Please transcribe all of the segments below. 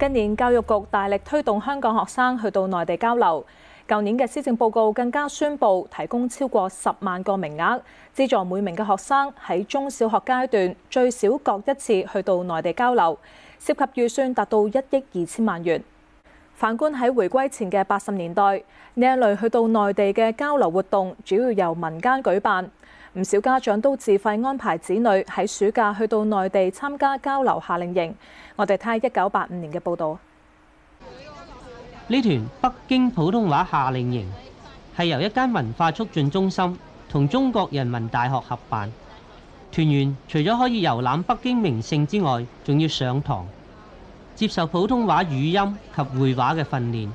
今年教育局大力推動香港學生去到內地交流，舊年嘅施政報告更加宣布提供超過十萬個名額，資助每名嘅學生喺中小學階段最少各一次去到內地交流，涉及預算達到一億二千萬元。反觀喺回歸前嘅八十年代，呢一類去到內地嘅交流活動主要由民間舉辦。唔少家長都自費安排子女喺暑假去到內地參加交流夏令營。我哋睇一九八五年嘅報導，呢團北京普通話夏令營係由一間文化促進中心同中國人民大學合辦。團員除咗可以遊覽北京名勝之外，仲要上堂接受普通話語音及會話嘅訓練。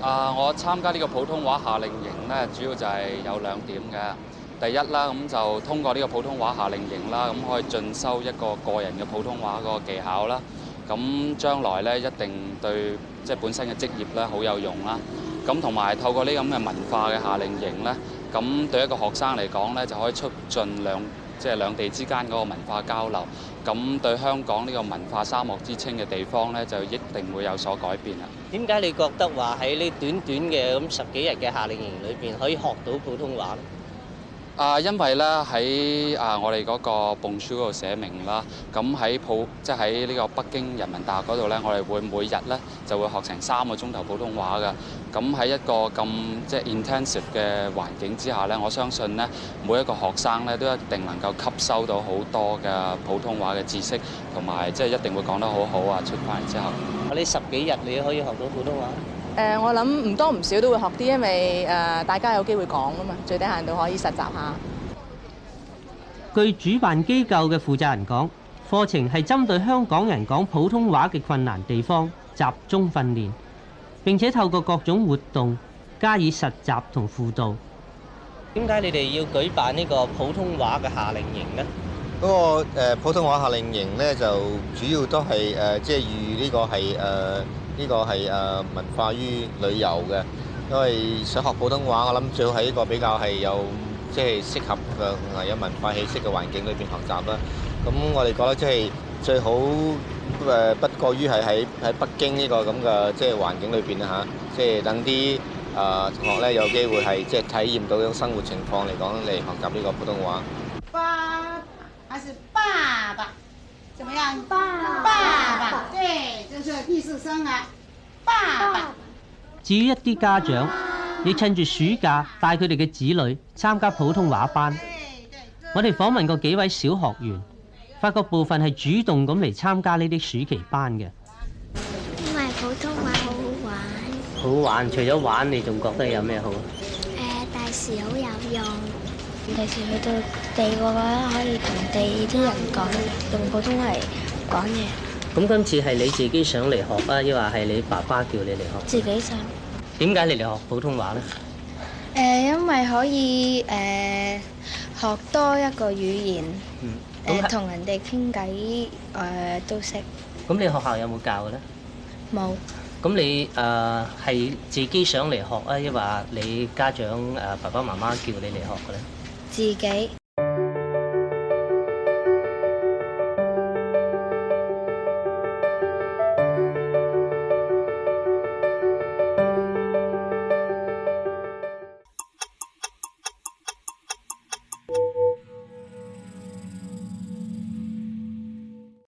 啊，uh, 我參加呢個普通話夏令營呢，主要就係有兩點嘅。第一啦，咁就通過呢個普通話夏令營啦，咁可以進修一個個人嘅普通話嗰個技巧啦。咁將來咧，一定對即係、就是、本身嘅職業咧好有用啦。咁同埋透過呢咁嘅文化嘅夏令營咧，咁對一個學生嚟講咧，就可以促進兩即係、就是、兩地之間嗰個文化交流。咁對香港呢個文化沙漠之稱嘅地方咧，就一定會有所改變啦。點解你覺得話喺呢短短嘅咁十幾日嘅夏令營裏邊可以學到普通話？啊，因為咧喺啊我哋嗰個報書嗰度寫明啦，咁喺普即係呢個北京人民大學嗰度咧，我哋會每日咧就會學成三個鐘頭普通話嘅。咁喺一個咁即係 intensive 嘅環境之下咧，我相信咧每一個學生咧都一定能夠吸收到好多嘅普通話嘅知識，同埋即係一定會講得好好啊！出翻之後，我呢十幾日你都可以學到普通話。誒，我諗唔多唔少都會學啲，因為誒大家有機會講啊嘛，最低限度可以實習下。據主辦機構嘅負責人講，課程係針對香港人講普通話嘅困難地方集中訓練，並且透過各種活動加以實習同輔導。點解你哋要舉辦呢個普通話嘅夏令營呢？嗰個誒普通話夏令營呢，就主要都係誒，即係預呢個係誒。呢個係誒文化於旅遊嘅，因為想學普通話，我諗最好係一個比較係有即係適合嘅，係有文化氣息嘅環境裏邊學習啦。咁我哋覺得即係最好誒不過於係喺喺北京呢個咁嘅即係環境裏邊啦嚇，即係等啲啊同學咧有機會係即係體驗到種生活情況嚟講嚟學習呢個普通話。爸，他是爸爸，怎麼樣？爸爸。至於一啲家長，亦媽趁住暑假帶佢哋嘅子女參加普通話班，我哋訪問過幾位小學員，發覺部分係主動咁嚟參加呢啲暑期班嘅。因為普通話好好玩。好玩？除咗玩，你仲覺得有咩好？誒、呃，第時好有用。第時去到內地嘅話，可以同內地啲人講，嗯、用普通話講嘢。咁今次係你自己想嚟學啊，抑或係你爸爸叫你嚟學？自己想。點解你嚟學普通話呢？誒、呃，因為可以誒、呃、學多一個語言，同、嗯嗯呃、人哋傾偈誒都識。咁你學校有冇教嘅呢？冇。咁你誒係、呃、自己想嚟學啊，抑或你家長誒、呃、爸爸媽媽叫你嚟學嘅咧？自己。